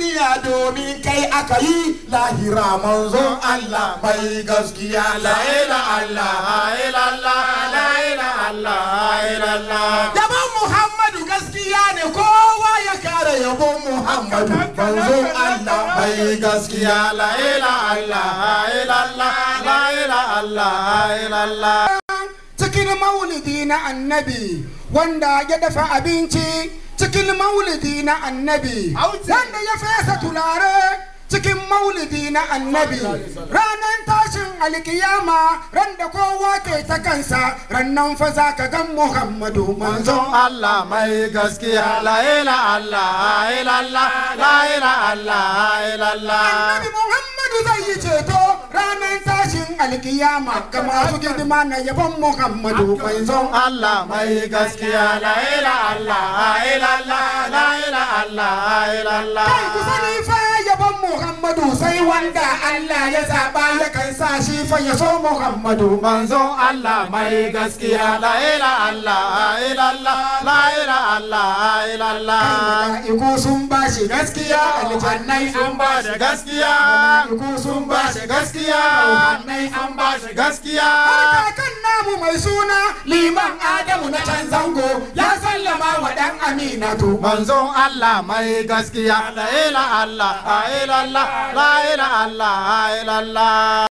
duniya domin kai aka yi lahira manzon Allah mai gaskiya la ila Allah ila Allah la ila Allah ila Allah Yabon Muhammadu gaskiya ne kowa ya kare yabon Muhammadu manzon Allah mai gaskiya la ila Allah ila Allah la Allah ila Allah cikin maulidi na annabi wanda ya dafa abinci cikin maulidi na annabi wanda ya fesa tulare cikin maulidi na annabi ranar tashin alkiyama ran da kowa ke ta kansa rannan fa ka gan muhammadu manzo Allah mai gaskiya la Allah la'ila Allah la'ila Allah annabi muhammadu zai yi ceto alkiyama kamar suke dima na yabon muhammadu mai zon allah mai gaskiya la ila allah la ila allah la ila allah la ila allah Muhammadu sai wanda Allah ya zaba ya kan sa shi fa ya so Muhammadu manzo Allah mai gaskiya la ila Allah ila Allah la ila Allah la Allah iku sun ba shi gaskiya aljannai an ba shi gaskiya iku sun ba shi gaskiya aljannai an ba shi gaskiya kan namu mai suna liman Adamu na can zango ya san wa aminatu manzon Allah mai gaskiya la ila Allah la ila Allah la ila Allah la ila Allah